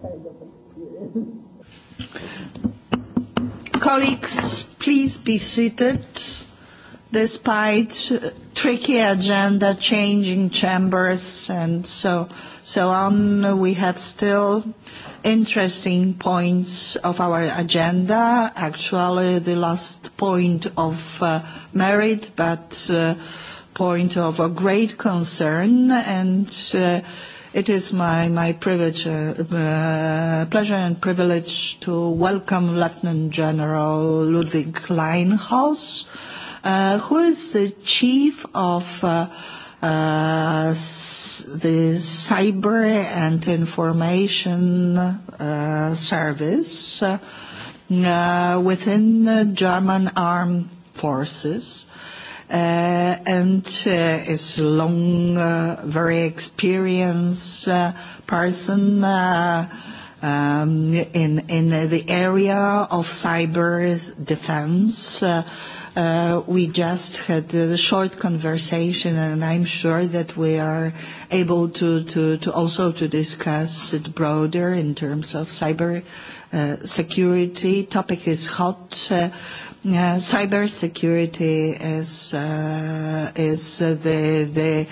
kind of experience. Colleagues, please be seated. Despite tricky agenda, changing chambers, and so so on, we have still interesting points of our agenda. Actually, the last point of uh, merit, but uh, point of a great concern and. Uh, It is my, my privilege, pleasure and privilege to welcome Lieutenant General Ludwig Leinhaus, who is the chief of the Cyber and Information Service within the German Armed Forces and is a long, very experienced person um, in in the area of cyber defense. Uh, uh, we just had a short conversation, and I'm sure that we are able to, to, to also to discuss it broader in terms of cyber uh, security. Topic is hot. Uh, cybersecurity is uh, is the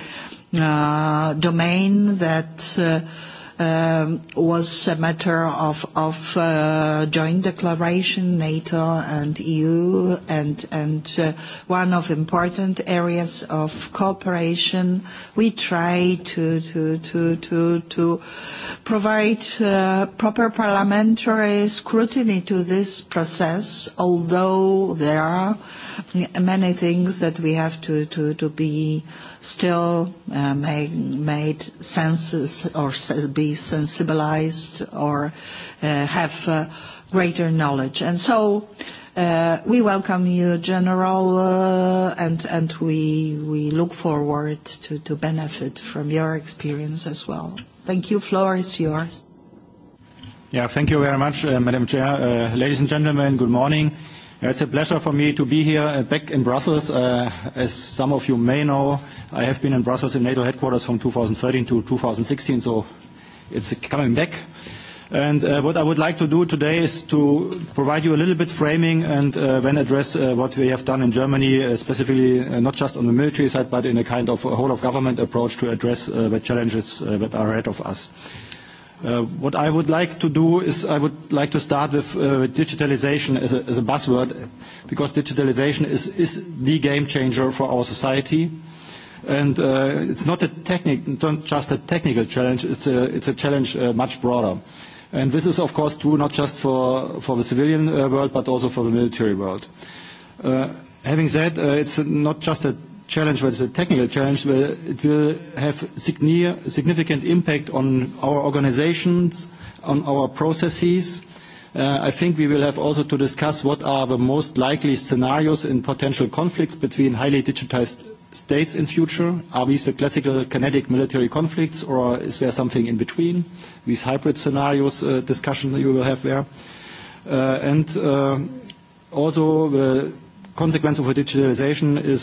the uh, domain that. Uh, was a matter of, of uh, joint declaration, NATO and EU, and, and uh, one of important areas of cooperation. We try to, to, to, to, to provide uh, proper parliamentary scrutiny to this process, although there are many things that we have to, to, to be still uh, make, made senses or be sensibilized or uh, have uh, greater knowledge. And so uh, we welcome you, General, uh, and, and we, we look forward to, to benefit from your experience as well. Thank you. Floor is yours. Yeah, thank you very much, uh, Madam Chair. Uh, ladies and gentlemen, good morning. It's a pleasure for me to be here back in Brussels. As some of you may know, I have been in Brussels in NATO headquarters from 2013 to 2016, so it's coming back. And What I would like to do today is to provide you a little bit framing and then address what we have done in Germany, specifically not just on the military side, but in a kind of whole of government approach to address the challenges that are ahead of us. What I would like to do is I would like to start with digitalization as a buzzword, because digitalization is the game changer for our society. and It's not just a technical challenge, it's a challenge much broader. And This is, of course, true not just for the civilian world, but also for the military world. Having said, it's not just a challenge, but it's a technical challenge. It will have significant impact on our organizations, on our processes. I think we will have also to discuss what are the most likely scenarios in potential conflicts between highly digitized states in future. Are these the classical kinetic military conflicts, or is there something in between? These hybrid scenarios discussion that you will have there. And also the consequence of digitalization is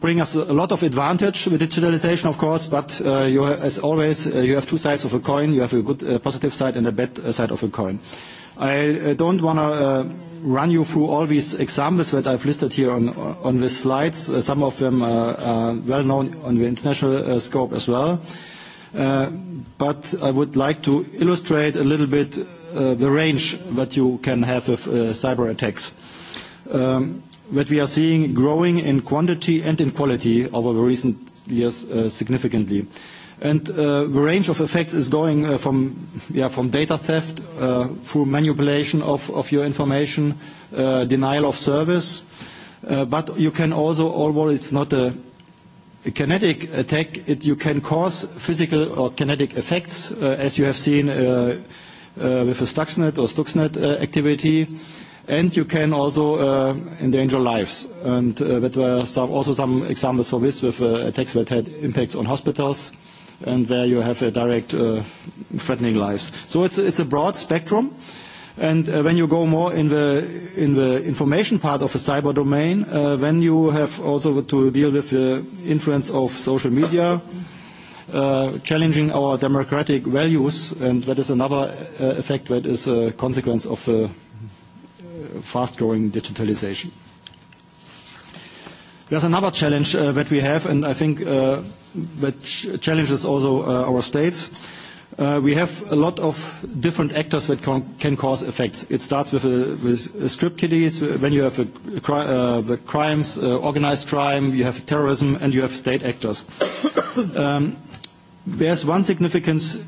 bring us a lot of advantage with digitalization, of course, but you, as always, you have two sides of a coin. You have a good positive side and a bad side of a coin. I don't want to run you through all these examples that I've listed here on, on these slides. some of them are, well known on the international scope as well. but I would like to illustrate a little bit the range that you can have with cyberattacks. cyber attacks that we are seeing growing in quantity and in quality over the recent years significantly. And The range of effects is going from data theft through manipulation of your information, denial of service. But you can also, although it's not a kinetic attack, you can cause physical or kinetic effects, as you have seen with the Stuxnet or Stuxnet activity and you can also uh, endanger lives. And uh, that were some, also some examples for this with uh, attacks that had impacts on hospitals and where you have a direct uh, threatening lives. So it's, it's a broad spectrum. And uh, when you go more in the, in the information part of the cyber domain, uh, then you have also to deal with the influence of social media, uh, challenging our democratic values, and that is another uh, effect that is a consequence of the uh, fast-growing digitalization. There's another challenge that we have, and I think that challenges also our states. We have a lot of different actors that can cause effects. It starts with script kiddies, when you have the crimes, organized crime, you have terrorism, and you have state actors. There's one significant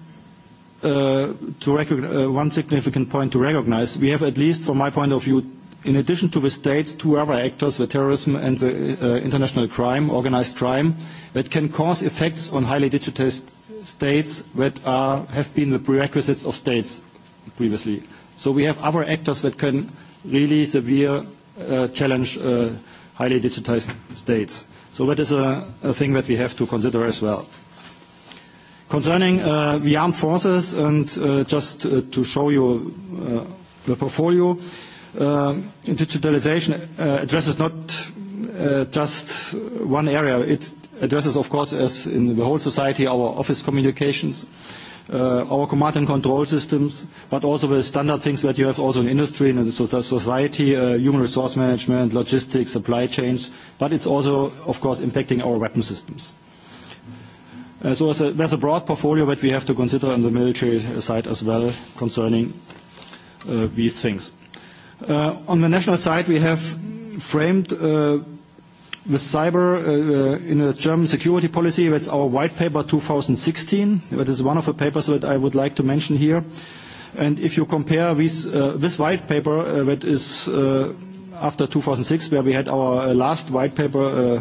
one significant point to recognize. We have, at least from my point of view, in addition to the states, two other actors, the terrorism and the international crime, organized crime, that can cause effects on highly digitized states that are, have been the prerequisites of states previously. So we have other actors that can really severe challenge highly digitized states. So that is a thing that we have to consider as well. Concerning uh, the armed forces, and uh, just uh, to show you uh, the portfolio, uh, digitalization uh, addresses not uh, just one area. It addresses, of course, as in the whole society, our office communications, uh, our command and control systems, but also the standard things that you have also in industry and in the society, uh, human resource management, logistics, supply chains, but it's also, of course, impacting our weapon systems. So there's a broad portfolio that we have to consider on the military side as well concerning these things. On the national side, we have framed the cyber in a German security policy. That's our white paper 2016. That is one of the papers that I would like to mention here. And if you compare this white paper that is after 2006, where we had our last white paper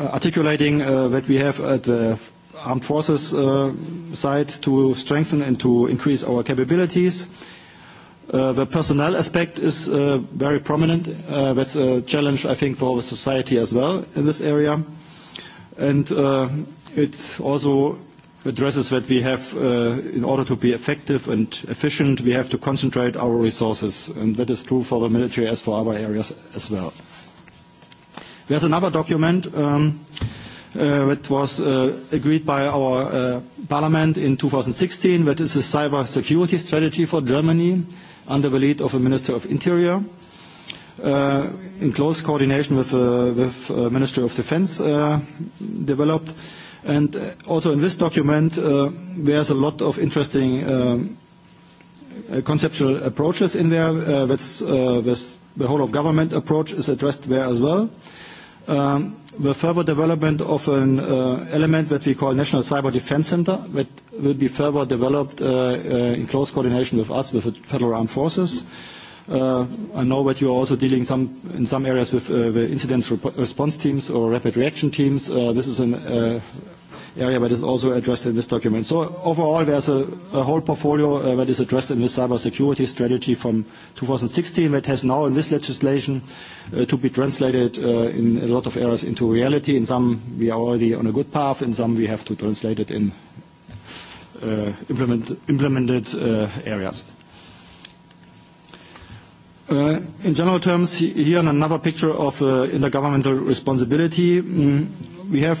articulating that we have at the armed forces side to strengthen and to increase our capabilities. The personnel aspect is very prominent. That's a challenge, I think, for the society as well in this area. And it also addresses that we have, in order to be effective and efficient, we have to concentrate our resources, and that is true for the military as for other areas as well. There's another document that was agreed by our parliament in 2016, that is a cybersecurity strategy for Germany under the lead of the Minister of Interior, in close coordination with the Minister of Defense developed. And also in this document, there's a lot of interesting conceptual approaches in there. That's the whole of government approach is addressed there as well the further development of an element that we call National Cyber Defense Center that will be further developed in close coordination with us, with the Federal Armed Forces. I know that you are also dealing some, in some areas with the incident response teams or rapid reaction teams. This is an area that is also addressed in this document. So overall, there's a, a whole portfolio uh, that is addressed in the cybersecurity strategy from 2016 that has now in this legislation uh, to be translated uh, in a lot of areas into reality. In some, we are already on a good path. In some, we have to translate it in uh, implement, implemented uh, areas. In general terms, here another picture of intergovernmental responsibility. We have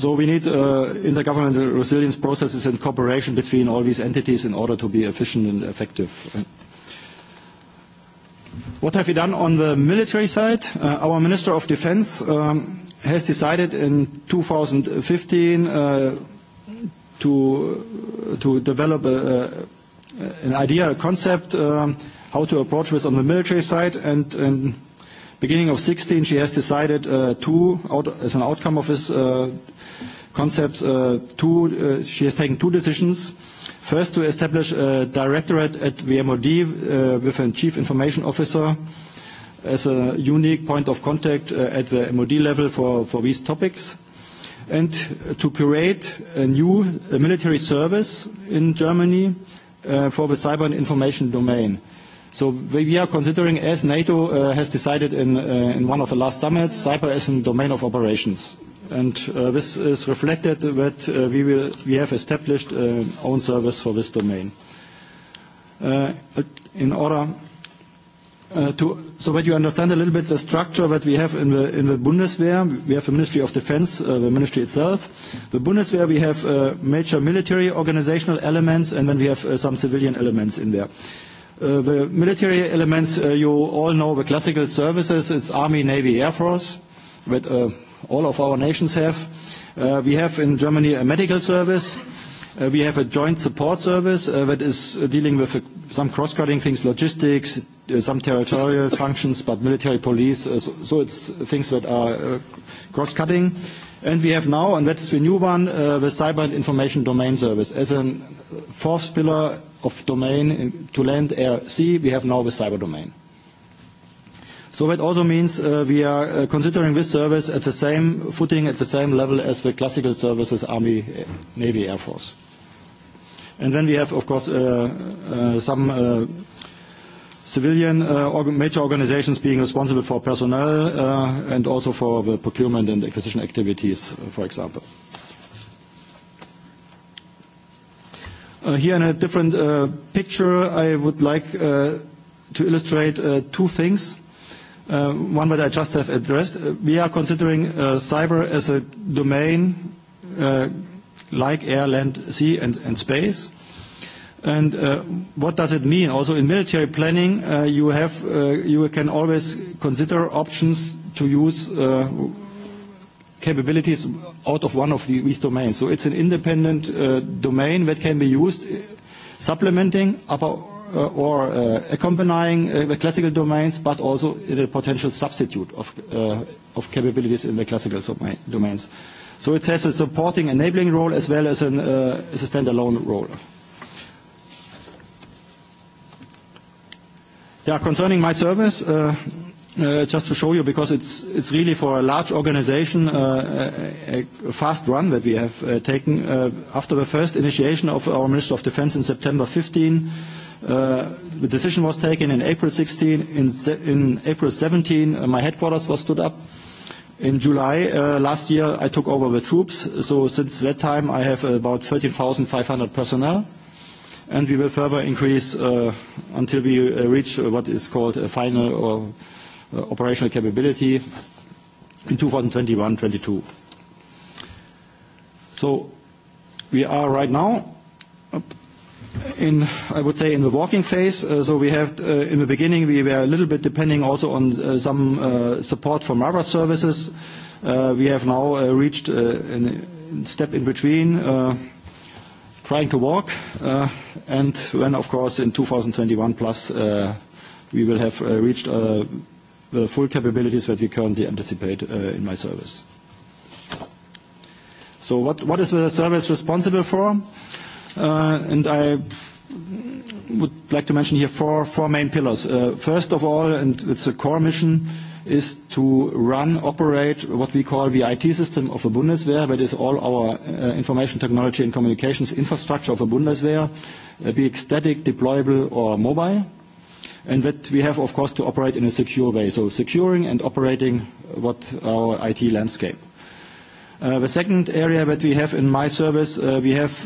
So we need uh, intergovernmental resilience processes and cooperation between all these entities in order to be efficient and effective. What have we done on the military side? our Minister of Defense has decided in 2015 to, to develop a, an idea, a concept, how to approach this on the military side and, and beginning of 16, she has decided uh, two, out, as an outcome of this uh, concept, uh, two, uh, she has taken two decisions. First, to establish a directorate at VMOD uh, with a chief information officer as a unique point of contact uh, at the MOD level for, for these topics and to create a new military service in Germany for the cyber and information domain. So we are considering, as NATO has decided in one of the last summits, cyber as in domain of operations. And this is reflected that we will we have established an own service for this domain. In order to so that you understand a little bit the structure that we have in the in the Bundeswehr, we have the Ministry of Defense, the ministry itself. The Bundeswehr, we have major military organizational elements, and then we have some civilian elements in there the military elements, you all know the classical services. It's Army, Navy, Air Force, that all of our nations have. we have in Germany a medical service. we have a joint support service that is dealing with some cross-cutting things, logistics, some territorial functions, but military police. so, it's things that are cross-cutting. And we have now, and that's the new one, uh, the Cyber and Information Domain Service. As a fourth pillar of domain to land, air, sea, we have now the cyber domain. So that also means uh, we are uh, considering this service at the same footing, at the same level as the classical services, Army, Navy, Air Force. And then we have, of course, uh, uh, some uh, civilian uh, major organizations being responsible for personnel uh, and also for the procurement and acquisition activities, for example. Uh, here in a different uh, picture, I would like uh, to illustrate uh, two things. Uh, one that I just have addressed. We are considering uh, cyber as a domain uh, like air, land, sea, and, and space And uh, what does it mean? Also in military planning, uh, you have uh, you can always consider options to use uh, capabilities out of one of these domains. So it's an independent uh, domain that can be used, supplementing upper, uh, or uh, accompanying uh, the classical domains, but also in a potential substitute of, uh, of capabilities in the classical domains. So it has a supporting enabling role as well as, an, uh, as a standalone role. Yeah, concerning my service, uh, uh, just to show you, because it's, it's really for a large organization, uh, a, a fast run that we have uh, taken. Uh, after the first initiation of our Minister of Defense in September 15, uh, the decision was taken in April 16. In, in April 17, uh, my headquarters was stood up. In July uh, last year, I took over the troops. So since that time, I have about 13,500 personnel and we will further increase until we reach what is called a final or operational capability in 2021, 2022. So we are right now in, I would say, in the walking phase. So we have, in the beginning, we were a little bit depending also on some support from other services. We have now reached a step in between, trying to walk. And when, of course, in 2021 plus, we will have reached the full capabilities that we currently anticipate in my service. So what is the service responsible for? And I would like to mention here four main pillars. First of all, and it's a core mission, is to run, operate what we call the IT system of the Bundeswehr. That is all our information technology and communications infrastructure of the Bundeswehr, be it static, deployable, or mobile. And that we have, of course, to operate in a secure way. So securing and operating what our IT landscape. The second area that we have in my service, we have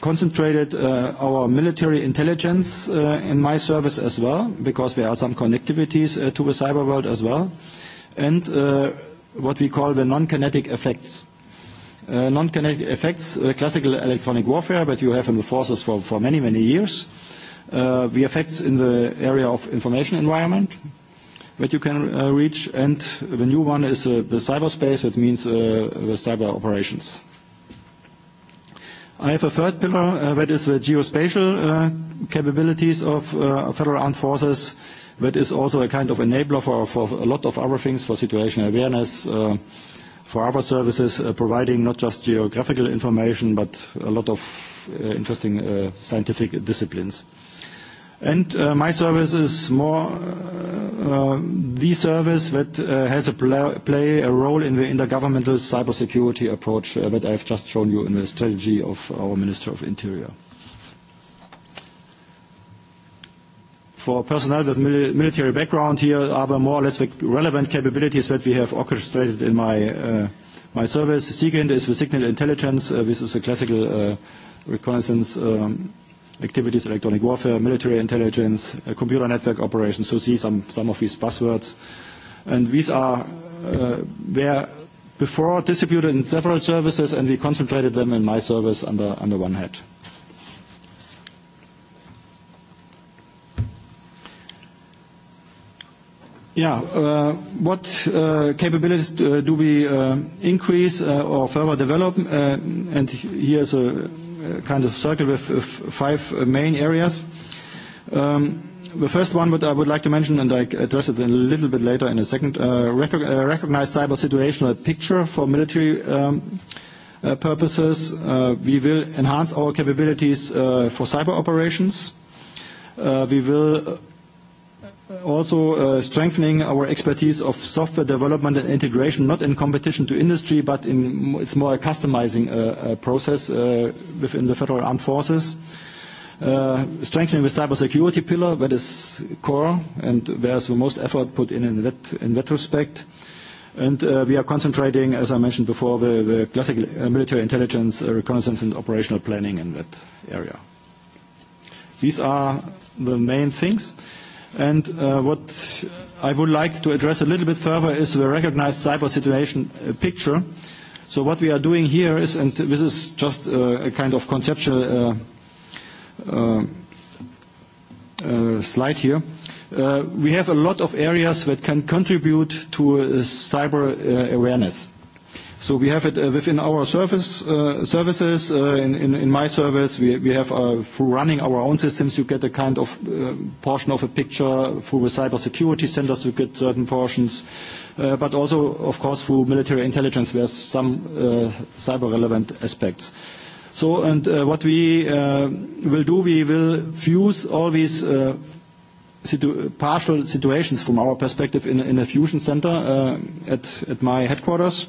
concentrated uh, our military intelligence uh, in my service as well, because there are some connectivities uh, to the cyber world as well, and uh, what we call the non-kinetic effects. Uh, non-kinetic effects, uh, classical electronic warfare, that you have in the forces for, for many, many years. Uh, the effects in the area of information environment that you can uh, reach, and the new one is uh, the cyberspace, that means uh, the cyber operations. I have a third pillar, that is the geospatial capabilities of Federal Armed Forces. That is also a kind of enabler for a lot of other things, for situational awareness, for other services, providing not just geographical information, but a lot of interesting scientific disciplines. And my service is more uh, the service that uh, has a play a role in the intergovernmental cybersecurity approach that I've just shown you in the strategy of our Minister of Interior. For personnel with military background, here are the more or less the relevant capabilities that we have orchestrated in my, uh, my service. SIGINT is the signal intelligence. Uh, this is a classical uh, reconnaissance um, activities, electronic warfare, military intelligence, uh, computer network operations. So see some, some of these buzzwords. And these are uh, where before distributed in several services, and we concentrated them in my service under, under one head. Yeah. What capabilities do we increase or further develop? And here's a kind of circle with five main areas. The first one, what I would like to mention, and I address it a little bit later in a second, recognize cyber situational picture for military purposes. We will enhance our capabilities for cyber operations. We will also strengthening our expertise of software development and integration, not in competition to industry, but in it's more a customizing process within the Federal Armed Forces. Strengthening the cybersecurity pillar, that is core, and there's the most effort put in in that, respect. we are concentrating, as I mentioned before, the classic military intelligence, reconnaissance, and operational planning in that area. These are the main things. And what I would like to address a little bit further is the recognized cyber situation picture. So what we are doing here is, and this is just a kind of conceptual slide here. We have a lot of areas that can contribute to cyber awareness. So we have it within our services. In my service, we have through running our own systems, you get a kind of portion of a picture. Through the cybersecurity centers, you get certain portions. But also, of course, through military intelligence, have some cyber-relevant aspects. So, and what we will do, we will fuse all these partial situations from our perspective in a fusion center at my headquarters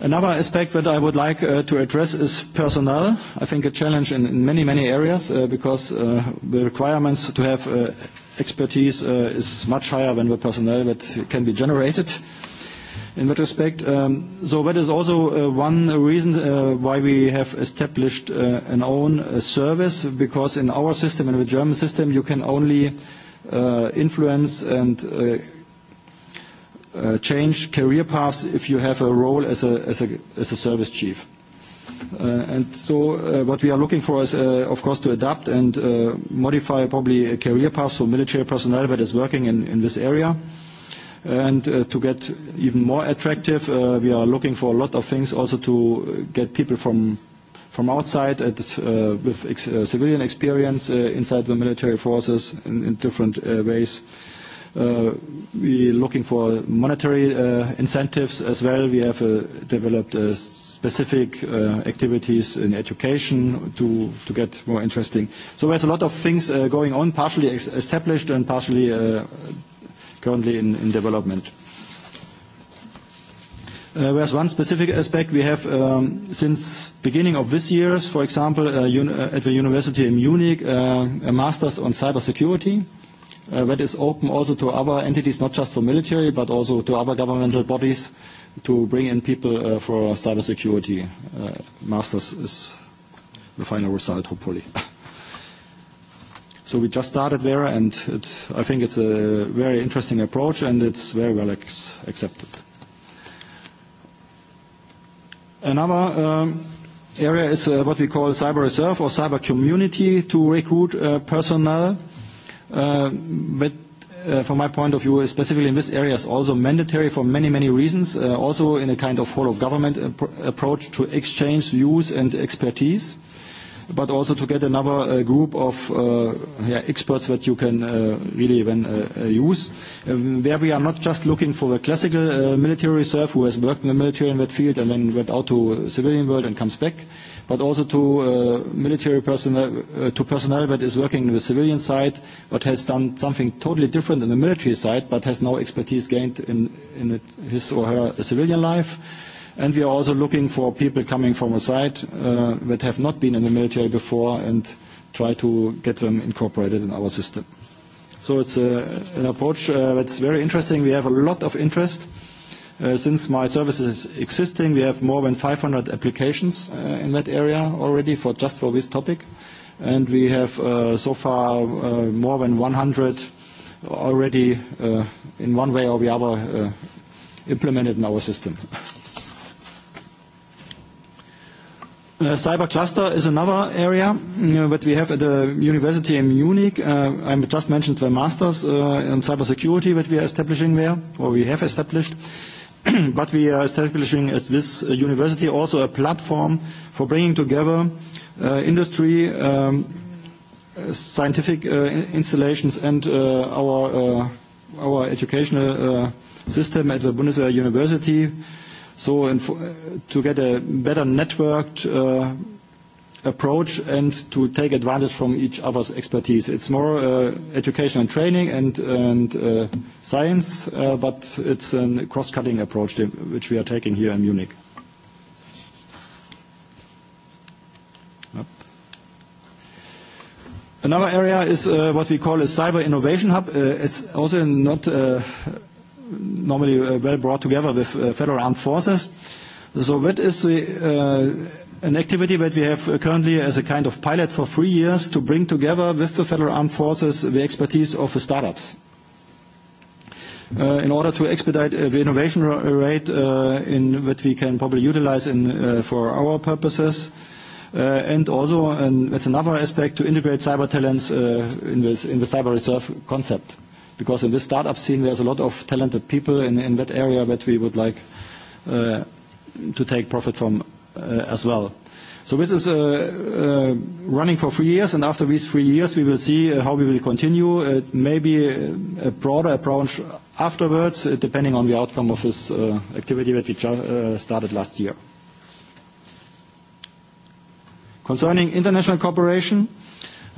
Another aspect that I would like to address is personnel. I think a challenge in many, many areas because the requirements to have expertise is much higher than the personnel that can be generated in that respect. So that is also one reason why we have established an own service, because in our system, in the German system, you can only influence and uh, change career paths if you have a role as a, as a, as a service chief. Uh, and so uh, what we are looking for is, uh, of course, to adapt and uh, modify probably a career path for military personnel that is working in, in this area. And uh, to get even more attractive, uh, we are looking for a lot of things also to get people from from outside at, uh, with ex- uh, civilian experience uh, inside the military forces in, in different uh, ways. Uh, We're looking for monetary incentives as well. We have developed specific activities in education to get more interesting. So There's a lot of things going on, partially established and partially currently in development. There's one specific aspect we have since beginning of this year, for example, at the university in Munich, a master's on cybersecurity that is open also to other entities, not just for military, but also to other governmental bodies to bring in people for cybersecurity. masters is the final result, hopefully. so we just started there, and it, I think it's a very interesting approach, and it's very well accepted. Another area is what we call cyber reserve or cyber community to recruit personnel. But from my point of view, specifically in this area, is also mandatory for many, many reasons, also in a kind of whole of government approach to exchange views and expertise. Uh, but also to get another uh, group of uh, yeah, experts that you can uh, really then uh, use. Um, where we are not just looking for a classical uh, military reserve who has worked in the military in that field and then went out to civilian world and comes back, but also to uh, military personnel, uh, to personnel that is working in the civilian side, but has done something totally different in the military side, but has now expertise gained in, in it, his or her civilian life And we are also looking for people coming from a side that have not been in the military before and try to get them incorporated in our system. So it's a, an approach uh, that's very interesting. We have a lot of interest. Uh, since my service is existing, we have more than 500 applications uh, in that area already for just for this topic. And we have uh, so far uh, more than 100 already uh, in one way or the other uh, implemented in our system. cyber cluster is another area that we have at the university in Munich. I just mentioned the master's in cybersecurity that we are establishing there, or we have established. But we are establishing at this university also a platform for bringing together industry, scientific uh installations, and our educational uh system at the Bundeswehr University so to get a better networked approach and to take advantage from each other's expertise. It's more uh, education and training and, and uh, science, uh, but it's a cross-cutting approach which we are taking here in Munich. Another area is uh, what we call a cyber innovation hub. Uh, it's also not uh, normally uh, well brought together with uh, federal armed forces. So that is the, uh, an activity that we have currently as a kind of pilot for three years to bring together with the federal armed forces the expertise of the startups. Uh, in order to expedite uh, the innovation rate uh, in that we can probably utilize in, uh, for our purposes, uh, and also, and that's another aspect, to integrate cyber talents uh, in, this, in the cyber reserve concept because in this startup scene, there's a lot of talented people in, in that area that we would like uh, to take profit from uh, as well. So this is uh, uh, running for three years, and after these three years, we will see uh, how we will continue. It may be a broader approach afterwards, uh, depending on the outcome of this uh, activity that we ju- uh, started last year. Concerning international cooperation, uh,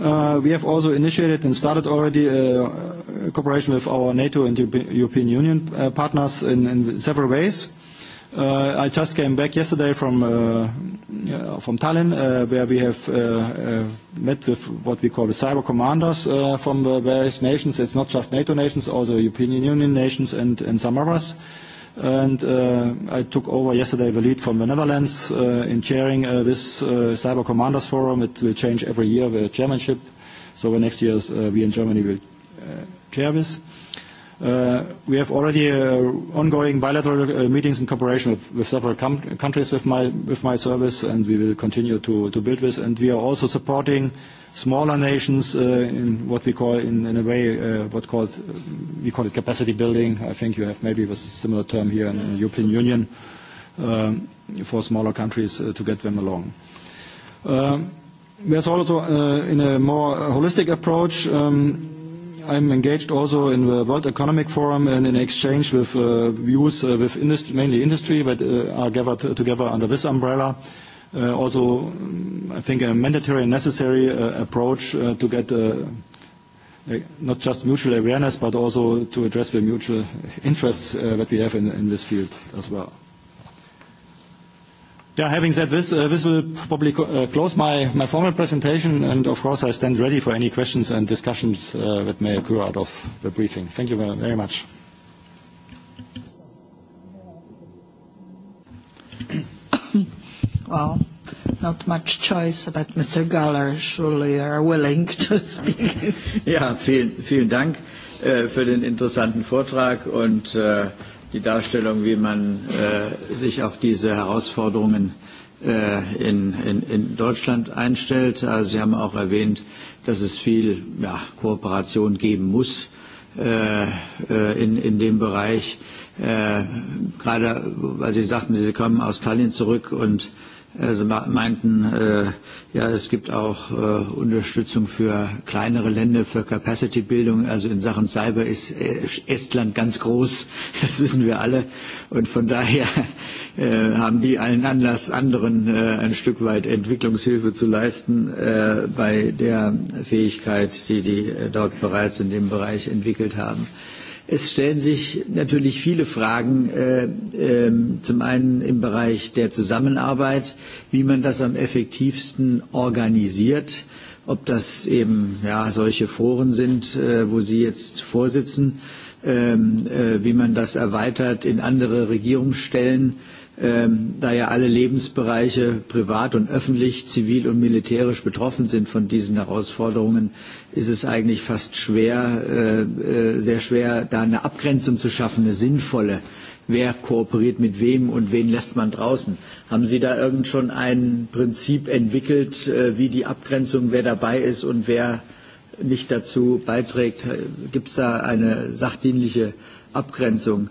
We have also initiated and started already cooperation with our NATO and European Union partners in several ways. I just came back yesterday from Tallinn, where we have met with what we call the cyber commanders from the various nations. It's not just NATO nations, also European Union nations and some others and uh, I took over yesterday the lead from the Netherlands uh, in chairing uh, this uh, Cyber Commanders Forum. It will change every year the chairmanship, so the next year uh, we in Germany will uh, chair this. We have already ongoing bilateral meetings in cooperation with several countries with my service, and we will continue to build this. And We are also supporting smaller nations in what we call, in a way, what calls we call it capacity building. I think you have maybe a similar term here in the European Union for smaller countries to get them along. There's also, in a more holistic approach, I'm engaged also in the World Economic Forum and in exchange with uh, views uh, with industry, mainly industry, but uh, are gathered together under this umbrella. Uh, also, I think a mandatory and necessary uh, approach uh, to get uh, not just mutual awareness, but also to address the mutual interests uh, that we have in, in this field as well having said this, this will probably close my formal presentation, and of course, I stand ready for any questions and discussions that may occur out of the briefing. Thank you very much. Well, not much choice, but Mr. Galler, surely you are willing to speak. Ja, vielen Dank für den interessanten Vortrag und die Darstellung, wie man äh, sich auf diese Herausforderungen äh, in, in, in Deutschland einstellt. Also Sie haben auch erwähnt, dass es viel ja, Kooperation geben muss äh, in, in dem Bereich. Äh, gerade, weil Sie sagten, Sie kommen aus Tallinn zurück und Sie meinten, ja, es gibt auch Unterstützung für kleinere Länder, für Capacity-Bildung. Also in Sachen Cyber ist Estland ganz groß, das wissen wir alle. Und von daher haben die allen Anlass, anderen ein Stück weit Entwicklungshilfe zu leisten bei der Fähigkeit, die die dort bereits in dem Bereich entwickelt haben. Äh, Es stellen sich natürlich viele Fragen, zum einen im Bereich der Zusammenarbeit, wie man das am effektivsten organisiert, ob das eben ja, solche Foren sind, wo Sie jetzt vorsitzen, wie man das erweitert in andere Regierungsstellen da ja alle Lebensbereiche privat und öffentlich, zivil und militärisch betroffen sind von diesen Herausforderungen, ist es eigentlich fast schwer, sehr schwer, da eine Abgrenzung zu schaffen, eine sinnvolle. Wer kooperiert mit wem und wen lässt man draußen? Haben Sie da irgend schon ein Prinzip entwickelt, wie die Abgrenzung, wer dabei ist und wer nicht dazu beiträgt? Gibt es da eine sachdienliche Abgrenzung?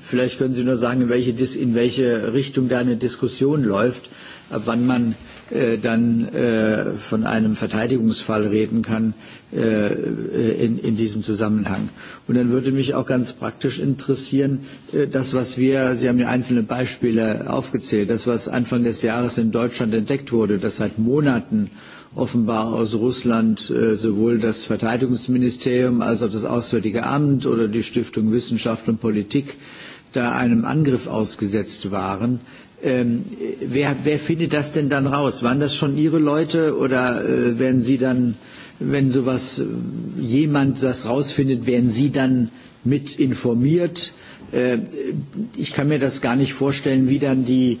Vielleicht können Sie nur sagen, in welche, in welche Richtung da eine Diskussion läuft, ab wann man dann von einem Verteidigungsfall reden kann in, in diesem Zusammenhang. Und dann würde mich auch ganz praktisch interessieren, das, was wir, Sie haben ja einzelne Beispiele aufgezählt, das, was Anfang des Jahres in Deutschland entdeckt wurde, das seit Monaten offenbar aus Russland sowohl das Verteidigungsministerium als auch das Auswärtige Amt oder die Stiftung Wissenschaft und Politik da einem Angriff ausgesetzt waren. wer, wer findet das denn dann raus? Waren das schon Ihre Leute oder äh, werden Sie dann, wenn sowas jemand das rausfindet, werden Sie dann mit informiert? ich kann mir das gar nicht vorstellen, wie dann die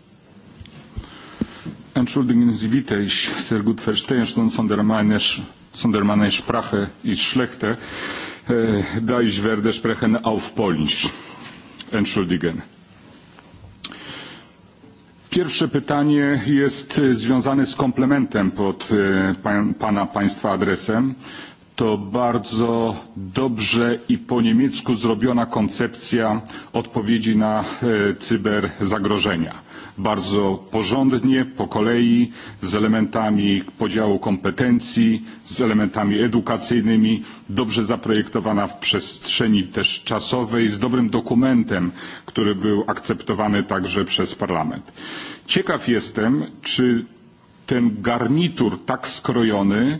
Entschuldigen Sie bitte, ich sehr gut verstehe schon sondern meine Sprache ist schlechte, da ich werde sprechen auf Polnisch. Entschuldigen. Pierwsze pytanie jest związane z komplementem pod Pana Państwa adresem. To bardzo dobrze i po niemiecku zrobiona koncepcja odpowiedzi na cyberzagrożenia bardzo porządnie, po kolei, z elementami podziału kompetencji, z elementami edukacyjnymi, dobrze zaprojektowana w przestrzeni też czasowej, z dobrym dokumentem, który był akceptowany także przez Parlament. Ciekaw jestem, czy ten garnitur tak skrojony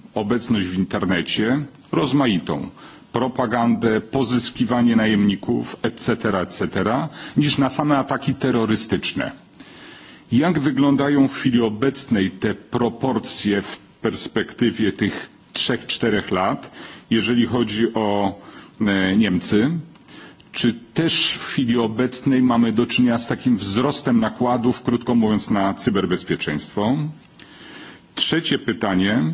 obecność w internecie rozmaitą propagandę, pozyskiwanie najemników, etc., etc., niż na same ataki terrorystyczne. Jak wyglądają w chwili obecnej te proporcje w perspektywie tych trzech, czterech lat, jeżeli chodzi o Niemcy? Czy też w chwili obecnej mamy do czynienia z takim wzrostem nakładów, krótko mówiąc, na cyberbezpieczeństwo? Trzecie pytanie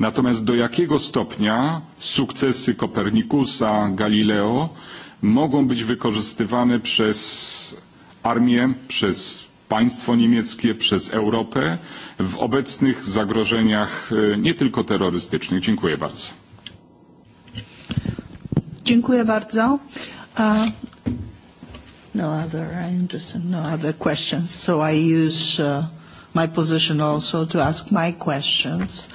Natomiast do jakiego stopnia sukcesy Kopernikusa, Galileo mogą być wykorzystywane przez armię, przez państwo niemieckie, przez Europę w obecnych zagrożeniach nie tylko terrorystycznych? Dziękuję bardzo. Dziękuję bardzo. No other no other questions. So I use uh, my position also to ask my questions. Uh,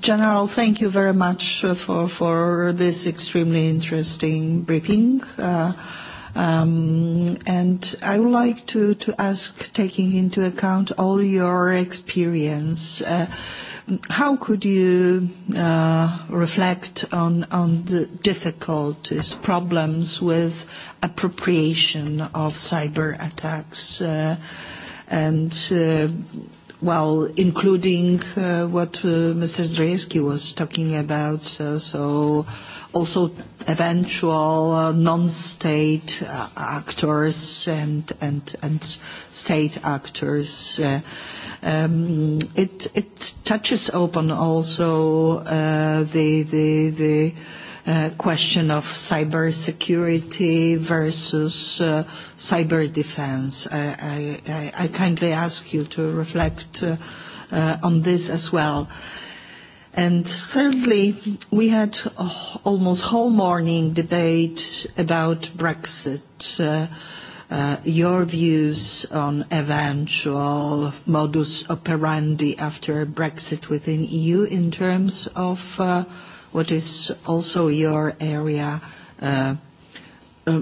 General, thank you very much for, for this extremely interesting briefing. Uh, Um, and I would like to, to ask, taking into account all your experience, uh, how could you uh, reflect on, on the difficulties, problems with appropriation of cyber attacks uh, and uh, Well, including uh, what uh, Mr. Zdrajewski was talking about, so also eventual uh, non-state uh, actors and, and, and state actors. um, it, it touches upon also uh, the, the, the question of cybersecurity versus uh, cyber defense. I, I, I kindly ask you to reflect uh, on this as well. And thirdly, we had a almost whole morning debate about Brexit. Uh, your views on eventual modus operandi after Brexit within EU in terms of what is also your area, uh, uh,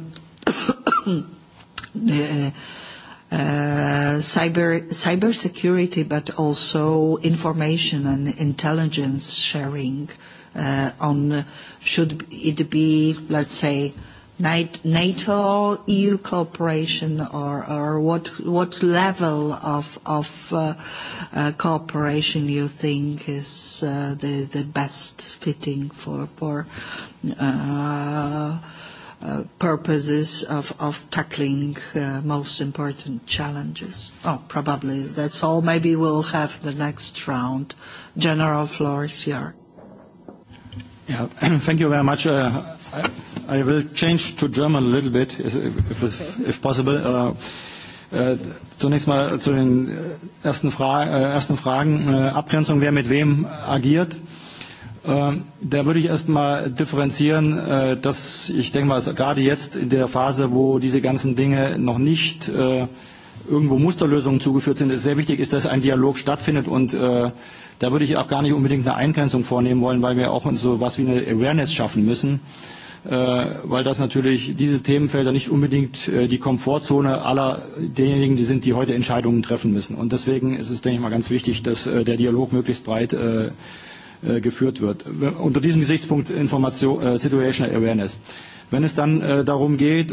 cyber cybersecurity, but also information and intelligence sharing uh, on should it be, let's say, NATO EU cooperation or, or what what level of of uh, uh, cooperation you think is uh, the the best fitting for for uh, uh, purposes of of tackling uh, most important challenges? Oh, probably that's all. Maybe we'll have the next round. General Flores here. Yeah, thank you very much. Uh, I I will change to German a little bit, if, if possible. Zunächst mal zu den ersten, Fra ersten Fragen. Abgrenzung, wer mit wem agiert. Da würde ich erst mal differenzieren, dass ich denke mal, gerade jetzt in der Phase, wo diese ganzen Dinge noch nicht irgendwo Musterlösungen zugeführt sind, ist sehr wichtig ist, dass ein Dialog stattfindet und äh, da würde ich auch gar nicht unbedingt eine Eingrenzung vornehmen wollen, weil wir auch so etwas wie eine Awareness schaffen müssen. Äh, weil das natürlich diese Themenfelder nicht unbedingt die Komfortzone aller derjenigen, die sind, die heute Entscheidungen treffen müssen. Und deswegen ist es, denke ich mal, ganz wichtig, dass der Dialog möglichst breit geführt wird. Unter diesem Gesichtspunkt Information, Situational Awareness. Wenn es dann darum geht,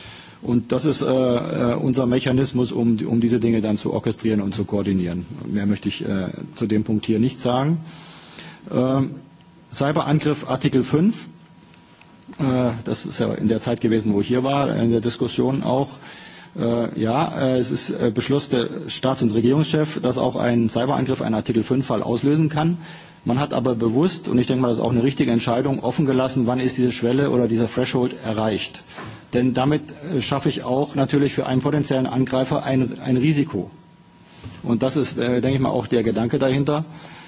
Und das ist äh, unser Mechanismus, um, um diese Dinge dann zu orchestrieren und zu koordinieren. Mehr möchte ich äh, zu dem Punkt hier nicht sagen. Äh, Cyberangriff Artikel 5. Äh, das ist ja in der Zeit gewesen, wo ich hier war, in der Diskussion auch. Äh, ja, es ist Beschluss der Staats- und Regierungschef, dass auch ein Cyberangriff einen Artikel 5-Fall auslösen kann. Man hat aber bewusst, und ich denke mal, das ist auch eine richtige Entscheidung, offen gelassen, wann ist diese Schwelle oder dieser Threshold erreicht. Denn damit schaffe ich auch natürlich für einen potenziellen Angreifer ein, ein Risiko. Und das ist, denke ich mal, auch der Gedanke dahinter.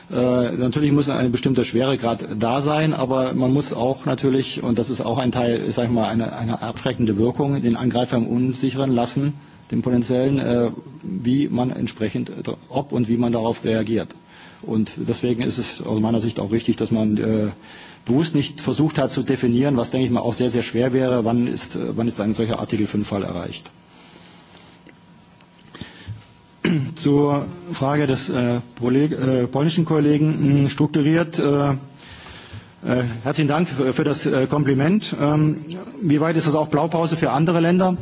Natürlich muss ein bestimmter Schweregrad da sein, aber man muss auch natürlich, und das ist auch ein Teil, sag ich mal, eine, eine abschreckende Wirkung, den Angreifer im Unsicheren lassen, den potenziellen, wie man entsprechend, ob und wie man darauf reagiert. Und deswegen ist es aus meiner Sicht auch richtig, dass man bewusst nicht versucht hat zu definieren, was, denke ich mal, auch sehr, sehr schwer wäre, wann ist, wann ist ein solcher Artikel 5-Fall erreicht zur Frage des äh, polnischen Kollegen strukturiert. Äh, Herzlichen Dank für das Kompliment. Wie weit ist das auch Blaupause für andere Länder?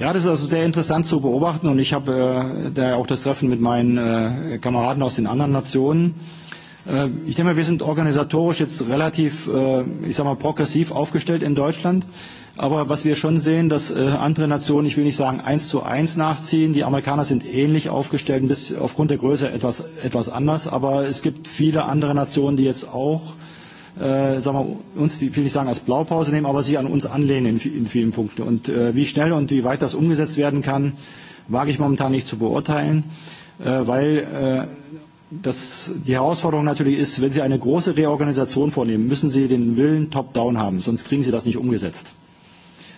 Ja, das ist also sehr interessant zu beobachten und ich habe da auch das Treffen mit meinen Kameraden aus den anderen Nationen. Ich denke mal, wir sind organisatorisch jetzt relativ, ich sag mal, progressiv aufgestellt in Deutschland. Aber was wir schon sehen, dass andere Nationen, ich will nicht sagen eins zu eins nachziehen, die Amerikaner sind ähnlich aufgestellt, ein bisschen aufgrund der Größe etwas, etwas anders. Aber es gibt viele andere Nationen, die jetzt auch sagen wir, uns, ich will nicht sagen, als Blaupause nehmen, aber sie an uns anlehnen in, in vielen Punkten. Und äh, wie schnell und wie weit das umgesetzt werden kann, wage ich momentan nicht zu beurteilen, äh, weil äh, das, die Herausforderung natürlich ist, wenn Sie eine große Reorganisation vornehmen, müssen Sie den Willen top-down haben, sonst kriegen Sie das nicht umgesetzt.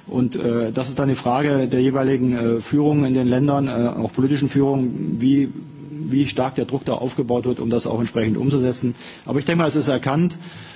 Und äh, das ist dann die Frage der jeweiligen äh, Führung in den Ländern, äh, auch politischen Führung, wie, wie stark der Druck da aufgebaut wird, um das auch entsprechend umzusetzen. Aber ich denke mal, es ist erkannt, äh,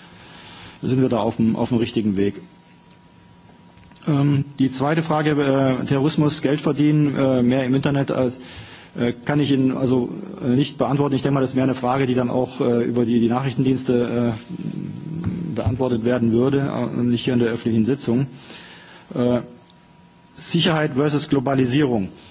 sind wir da auf dem, auf dem richtigen Weg. Ähm, die zweite Frage, äh, Terrorismus, Geld verdienen, äh, mehr im Internet als kann ich Ihnen also nicht beantworten. Ich denke mal, das wäre eine Frage, die dann auch über die, die Nachrichtendienste beantwortet werden würde, und nicht hier in der öffentlichen Sitzung. Sicherheit versus Globalisierung. Äh,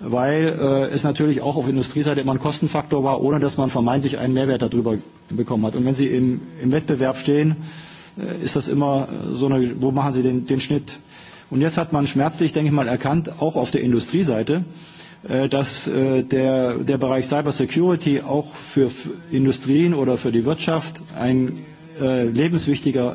weil äh, es natürlich auch auf Industrieseite immer ein Kostenfaktor war, ohne dass man vermeintlich einen Mehrwert darüber bekommen hat. Und wenn Sie im, im Wettbewerb stehen, äh, ist das immer so eine, wo machen Sie den, den Schnitt? Und jetzt hat man schmerzlich, denke ich mal, erkannt, auch auf der Industrieseite, dass der, der Bereich Cybersecurity auch für Industrien oder für die Wirtschaft ein lebenswichtiger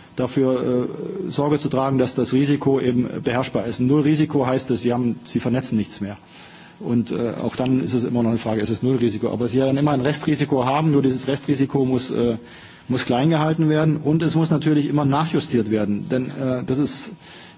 dafür Sorge zu tragen, dass das Risiko eben beherrschbar ist. Null Risiko heißt es, sie, sie vernetzen nichts mehr. Und äh, auch dann ist es immer noch eine Frage, ist es null Risiko? Aber Sie werden immer ein Restrisiko haben, nur dieses Restrisiko muss, äh, muss klein gehalten werden und es muss natürlich immer nachjustiert werden. Denn äh, das ist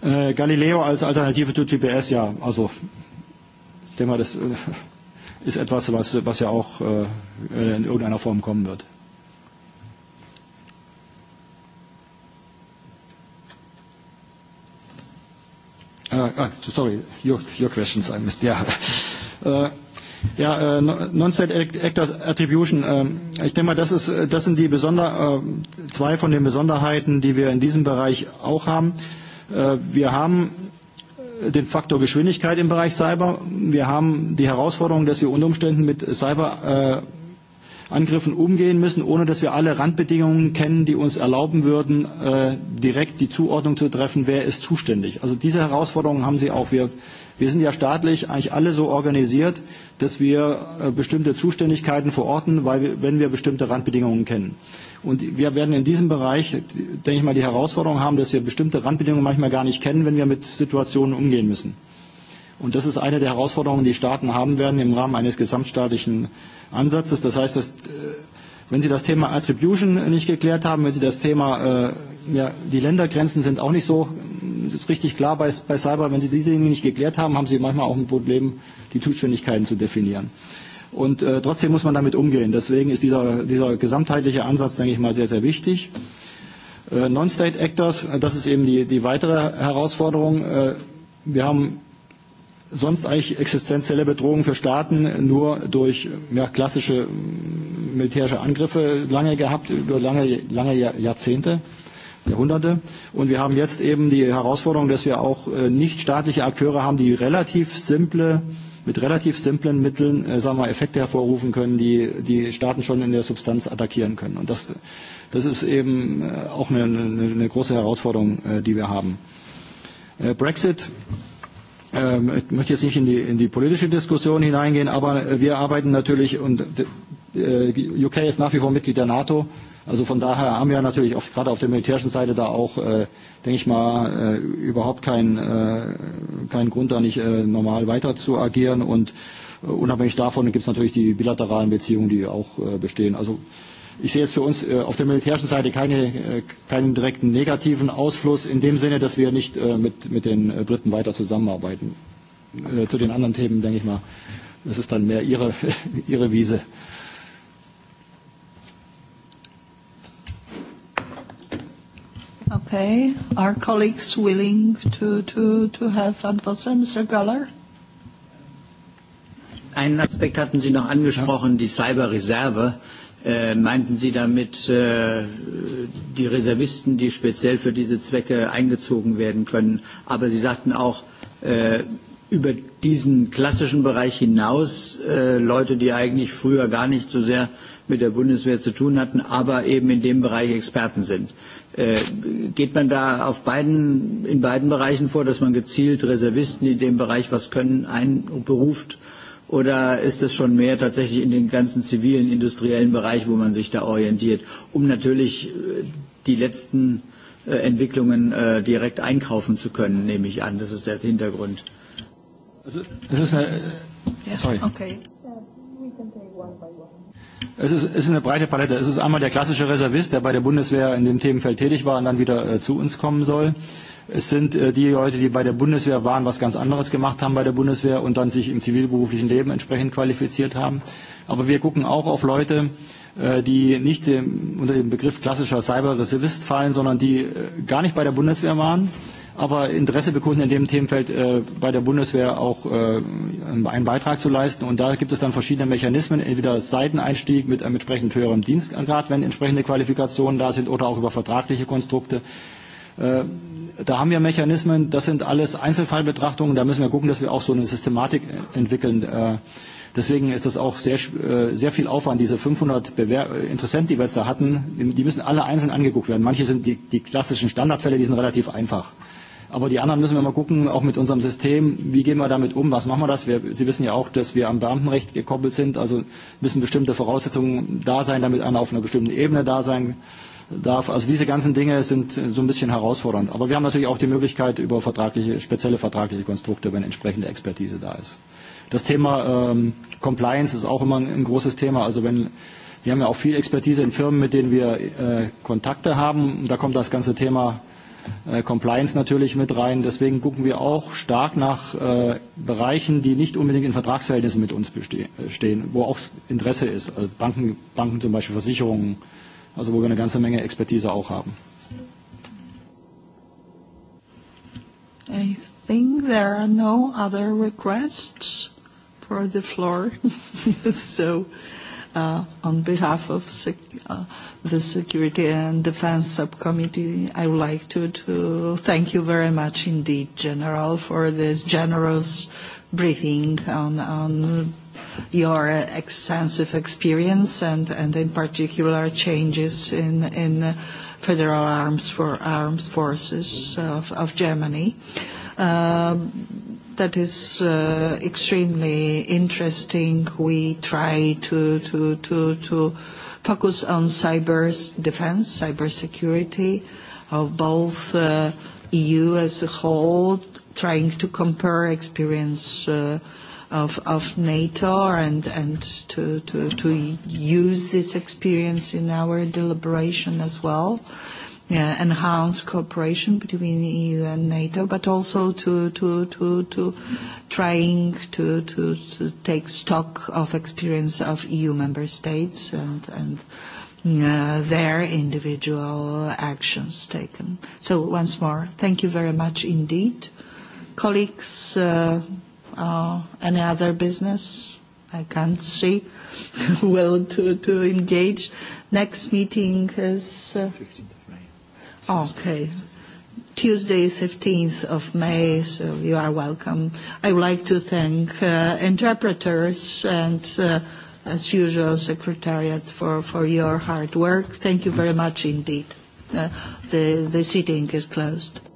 Galileo als Alternative zu GPS, ja, also ich denke mal, das ist etwas, was, was ja auch äh, in irgendeiner Form kommen wird. Uh, sorry, your, your questions I missed. Yeah. Uh, yeah, uh, Non-State Actors Attribution, Uh, ich denke mal, das, ist, das sind die Besonder, zwei von den Besonderheiten, die wir in diesem Bereich auch haben. Uh, Wir haben den Faktor Geschwindigkeit im Bereich Cyber. Wir haben die Herausforderung, dass wir unter Umständen mit Cyber Angriffen umgehen müssen, ohne dass wir alle Randbedingungen kennen, die uns erlauben würden, direkt die Zuordnung zu treffen, wer ist zuständig. Also diese Herausforderungen haben Sie auch. Wir, wir sind ja staatlich eigentlich alle so organisiert, dass wir bestimmte Zuständigkeiten verorten, weil wir, wenn wir bestimmte Randbedingungen kennen. Und wir werden in diesem Bereich, denke ich mal, die Herausforderung haben, dass wir bestimmte Randbedingungen manchmal gar nicht kennen, wenn wir mit Situationen umgehen müssen. Und das ist eine der Herausforderungen, die Staaten haben werden im Rahmen eines gesamtstaatlichen Ansatzes. Das heißt, dass, wenn Sie das Thema Attribution nicht geklärt haben, wenn Sie das Thema, ja, die Ländergrenzen sind auch nicht so, das ist richtig klar bei, bei Cyber, wenn Sie diese Dinge nicht geklärt haben, haben Sie manchmal auch ein Problem, die Zuständigkeiten zu definieren. Und äh, trotzdem muss man damit umgehen. Deswegen ist dieser, dieser gesamtheitliche Ansatz, denke ich mal, sehr, sehr wichtig. Äh, Non-State Actors, das ist eben die, die weitere Herausforderung. Äh, wir haben sonst eigentlich existenzielle Bedrohung für Staaten nur durch ja, klassische militärische Angriffe lange gehabt, über lange, lange Jahrzehnte. Jahrhunderte. Und wir haben jetzt eben die Herausforderung, dass wir auch nichtstaatliche Akteure haben, die relativ simple, mit relativ simplen Mitteln äh, sagen wir, Effekte hervorrufen können, die die Staaten schon in der Substanz attackieren können. Und das, das ist eben auch eine, eine, eine große Herausforderung, die wir haben. Brexit ich möchte jetzt nicht in die, in die politische Diskussion hineingehen, aber wir arbeiten natürlich und äh, UK ist nach wie vor Mitglied der NATO. Also von daher haben wir natürlich auch gerade auf der militärischen Seite da auch, äh, denke ich mal, äh, überhaupt keinen äh, Grund, da nicht äh, normal weiter zu agieren. Und äh, unabhängig davon gibt es natürlich die bilateralen Beziehungen, die auch äh, bestehen. Also äh, Ich sehe jetzt für uns auf der militärischen Seite keine, keinen direkten negativen Ausfluss in dem Sinne, dass wir nicht mit, mit den Briten weiter zusammenarbeiten. Zu den anderen Themen denke ich mal, das ist dann mehr ihre, ihre Wiese. Okay. Are colleagues willing to, to, to have answers? Mr. Galler? Einen Aspekt hatten Sie noch angesprochen, die Cyberreserve meinten Sie damit die Reservisten, die speziell für diese Zwecke eingezogen werden können? Aber Sie sagten auch, über diesen klassischen Bereich hinaus Leute, die eigentlich früher gar nicht so sehr mit der Bundeswehr zu tun hatten, aber eben in dem Bereich Experten sind. Geht man da auf beiden, in beiden Bereichen vor, dass man gezielt Reservisten, die in dem Bereich was können, einberuft? Äh, Oder ist es schon mehr tatsächlich in den ganzen zivilen, industriellen Bereich, wo man sich da orientiert, um natürlich die letzten Entwicklungen direkt einkaufen zu können, nehme ich an. Das ist der Hintergrund. Also, das ist eine, sorry. Okay. Es ist, es ist eine breite Palette. Es ist einmal der klassische Reservist, der bei der Bundeswehr in dem Themenfeld tätig war und dann wieder äh, zu uns kommen soll. Äh, Es sind die Leute, die bei der Bundeswehr waren, was ganz anderes gemacht haben bei der Bundeswehr und dann sich im zivilberuflichen Leben entsprechend qualifiziert haben. Aber wir gucken auch auf Leute, die nicht unter den Begriff klassischer Cyber-Reservist fallen, sondern die gar nicht bei der Bundeswehr waren, aber Interesse bekunden, in dem Themenfeld bei der Bundeswehr auch einen Beitrag zu leisten. Und da gibt es dann verschiedene Mechanismen, entweder Seiteneinstieg mit einem entsprechend höherem Dienstgrad, wenn entsprechende Qualifikationen da sind, oder auch über vertragliche Konstrukte, da haben wir Mechanismen, das sind alles Einzelfallbetrachtungen, da müssen wir gucken, dass wir auch so eine Systematik entwickeln. Deswegen ist das auch sehr, sehr viel Aufwand. Diese 500 Bewer Interessenten, die wir jetzt da hatten, die müssen alle einzeln angeguckt werden. Manche sind die, die klassischen Standardfälle, die sind relativ einfach. Aber die anderen müssen wir mal gucken, auch mit unserem System, wie gehen wir damit um, was machen wir das? Wir, Sie wissen ja auch, dass wir am Beamtenrecht gekoppelt sind, also müssen bestimmte Voraussetzungen da sein, damit einer auf einer bestimmten Ebene da sein darf. Also diese ganzen Dinge sind so ein bisschen herausfordernd. Aber wir haben natürlich auch die Möglichkeit über vertragliche, spezielle vertragliche Konstrukte, wenn entsprechende Expertise da ist. Das Thema ähm, Compliance ist auch immer ein, ein großes Thema. Also wenn wir haben ja auch viel Expertise in Firmen, mit denen wir äh, Kontakte haben. Da kommt das ganze Thema äh, Compliance natürlich mit rein. Deswegen gucken wir auch stark nach äh, Bereichen, die nicht unbedingt in Vertragsverhältnissen mit uns bestehen, wo auch Interesse ist. Also Banken, Banken zum Beispiel, Versicherungen, äh, also wo wir eine ganze Menge Expertise auch haben. I think there are no other requests for the floor. so uh, on behalf of sec uh, the Security and Defense Subcommittee, I would like to, to thank you very much indeed, General, for this generous briefing on, on your extensive experience and, and in particular changes in, in federal arms for arms forces of, of Germany. Um, that is uh, extremely interesting. We try to, to, to, to focus on cyber defense, cyber security of both uh, EU as a whole, trying to compare experience uh, of, of NATO and, and to, to, to use this experience in our deliberation as well. Yeah, enhance cooperation between the EU and NATO, but also to to to to trying to to to take stock of experience of EU member states and and uh their individual actions taken. So Once more, thank you very much indeed. Colleagues, uh any other business? I can't see well to, to engage. Next meeting is. Uh, 15th of May. Okay. Tuesday, 15th of May, so you are welcome. I would like to thank uh, interpreters and, uh, as usual, Secretariat for, for your hard work. Thank you very much indeed. Uh, the, the sitting is closed.